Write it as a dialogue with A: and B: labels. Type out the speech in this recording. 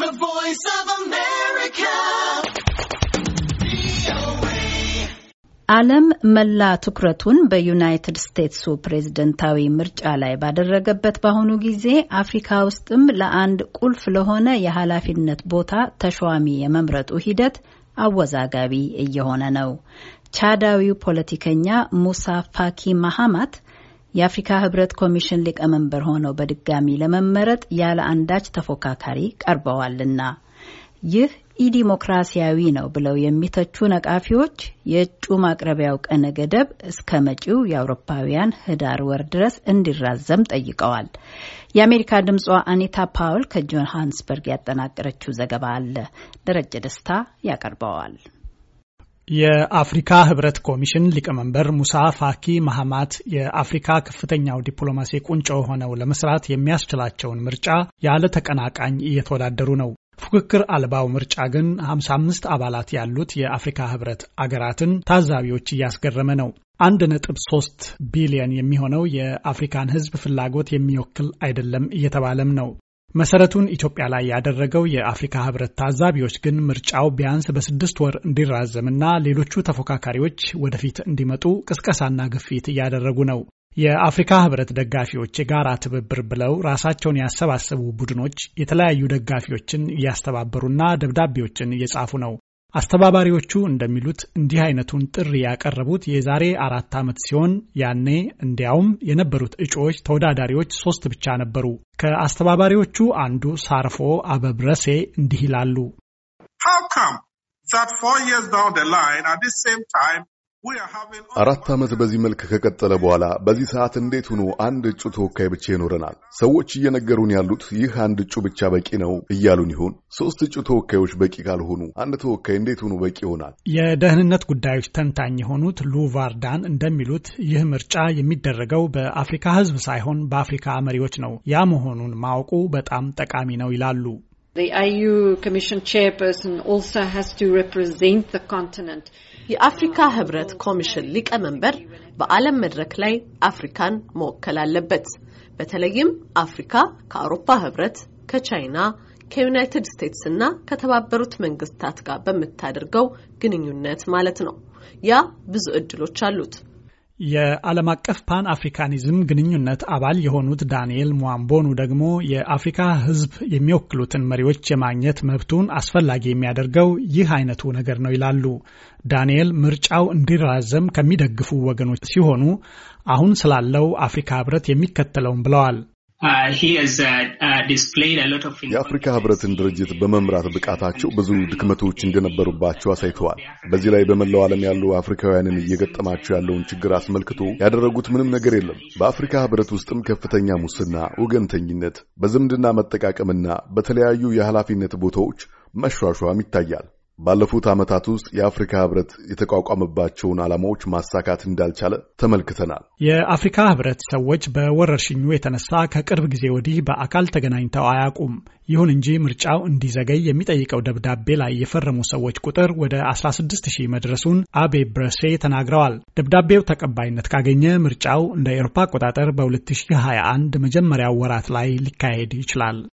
A: The Voice of America. ዓለም መላ ትኩረቱን በዩናይትድ ስቴትሱ ፕሬዝደንታዊ ምርጫ ላይ ባደረገበት በአሁኑ ጊዜ አፍሪካ ውስጥም ለአንድ ቁልፍ ለሆነ የኃላፊነት ቦታ ተሿሚ የመምረጡ ሂደት አወዛጋቢ እየሆነ ነው። ቻዳዊው ፖለቲከኛ ሙሳ ፋኪ ማሃማት የአፍሪካ ህብረት ኮሚሽን ሊቀመንበር ሆነው በድጋሚ ለመመረጥ ያለ አንዳች ተፎካካሪ ቀርበዋልና ይህ ኢዲሞክራሲያዊ ነው ብለው የሚተቹ ነቃፊዎች የእጩ ማቅረቢያው ቀነ ገደብ እስከ መጪው የአውሮፓውያን ህዳር ወር ድረስ እንዲራዘም ጠይቀዋል። የአሜሪካ ድምጿ አኒታ ፓውል ከጆሃንስበርግ ያጠናቀረችው ዘገባ አለ። ደረጀ ደስታ ያቀርበዋል።
B: የአፍሪካ ህብረት ኮሚሽን ሊቀመንበር ሙሳ ፋኪ ማህማት የአፍሪካ ከፍተኛው ዲፕሎማሲ ቁንጮ ሆነው ለመስራት የሚያስችላቸውን ምርጫ ያለ ተቀናቃኝ እየተወዳደሩ ነው። ፉክክር አልባው ምርጫ ግን 55 አባላት ያሉት የአፍሪካ ህብረት አገራትን ታዛቢዎች እያስገረመ ነው። 1.3 ቢሊዮን የሚሆነው የአፍሪካን ህዝብ ፍላጎት የሚወክል አይደለም እየተባለም ነው። መሰረቱን ኢትዮጵያ ላይ ያደረገው የአፍሪካ ህብረት ታዛቢዎች ግን ምርጫው ቢያንስ በስድስት ወር እንዲራዘምና ሌሎቹ ተፎካካሪዎች ወደፊት እንዲመጡ ቅስቀሳና ግፊት እያደረጉ ነው። የአፍሪካ ህብረት ደጋፊዎች የጋራ ትብብር ብለው ራሳቸውን ያሰባሰቡ ቡድኖች የተለያዩ ደጋፊዎችን እያስተባበሩና ደብዳቤዎችን እየጻፉ ነው። አስተባባሪዎቹ እንደሚሉት እንዲህ አይነቱን ጥሪ ያቀረቡት የዛሬ አራት ዓመት ሲሆን ያኔ እንዲያውም የነበሩት እጩዎች ተወዳዳሪዎች ሶስት ብቻ ነበሩ። ከአስተባባሪዎቹ አንዱ ሳርፎ አበብረሴ እንዲህ ይላሉ።
C: አራት ዓመት በዚህ መልክ ከቀጠለ በኋላ በዚህ ሰዓት እንዴት ሆኖ አንድ እጩ ተወካይ ብቻ ይኖረናል? ሰዎች እየነገሩን ያሉት ይህ አንድ እጩ ብቻ በቂ ነው እያሉን ይሆን? ሶስት እጩ ተወካዮች በቂ ካልሆኑ አንድ ተወካይ እንዴት ሆኖ በቂ ይሆናል?
B: የደህንነት ጉዳዮች ተንታኝ የሆኑት ሉቫርዳን እንደሚሉት ይህ ምርጫ የሚደረገው በአፍሪካ ሕዝብ ሳይሆን በአፍሪካ መሪዎች ነው። ያ መሆኑን ማወቁ በጣም ጠቃሚ ነው ይላሉ።
A: የአፍሪካ ህብረት ኮሚሽን ሊቀመንበር በዓለም መድረክ ላይ አፍሪካን መወከል አለበት። በተለይም አፍሪካ ከአውሮፓ ህብረት፣ ከቻይና፣ ከዩናይትድ ስቴትስ እና ከተባበሩት መንግስታት ጋር በምታደርገው ግንኙነት ማለት ነው። ያ ብዙ እድሎች አሉት።
B: የዓለም አቀፍ ፓን አፍሪካኒዝም ግንኙነት አባል የሆኑት ዳንኤል ሟምቦኑ ደግሞ የአፍሪካ ሕዝብ የሚወክሉትን መሪዎች የማግኘት መብቱን አስፈላጊ የሚያደርገው ይህ አይነቱ ነገር ነው ይላሉ። ዳንኤል ምርጫው እንዲራዘም ከሚደግፉ ወገኖች ሲሆኑ አሁን ስላለው አፍሪካ ሕብረት የሚከተለውን ብለዋል።
A: uh, uh,
C: የአፍሪካ ህብረትን ድርጅት በመምራት ብቃታቸው ብዙ ድክመቶች እንደነበሩባቸው አሳይተዋል። በዚህ ላይ በመላው ዓለም ያሉ አፍሪካውያንን እየገጠማቸው ያለውን ችግር አስመልክቶ ያደረጉት ምንም ነገር የለም። በአፍሪካ ህብረት ውስጥም ከፍተኛ ሙስና፣ ወገንተኝነት፣ በዝምድና መጠቃቀምና በተለያዩ የኃላፊነት ቦታዎች መሿሿም ይታያል። ባለፉት ዓመታት ውስጥ የአፍሪካ ህብረት የተቋቋመባቸውን ዓላማዎች ማሳካት እንዳልቻለ ተመልክተናል።
B: የአፍሪካ ህብረት ሰዎች በወረርሽኙ የተነሳ ከቅርብ ጊዜ ወዲህ በአካል ተገናኝተው አያውቁም። ይሁን እንጂ ምርጫው እንዲዘገይ የሚጠይቀው ደብዳቤ ላይ የፈረሙ ሰዎች ቁጥር ወደ 160 መድረሱን አቤ ብረሴ ተናግረዋል። ደብዳቤው ተቀባይነት ካገኘ ምርጫው እንደ ኤሮፓ አቆጣጠር በ2021 መጀመሪያው ወራት ላይ ሊካሄድ ይችላል።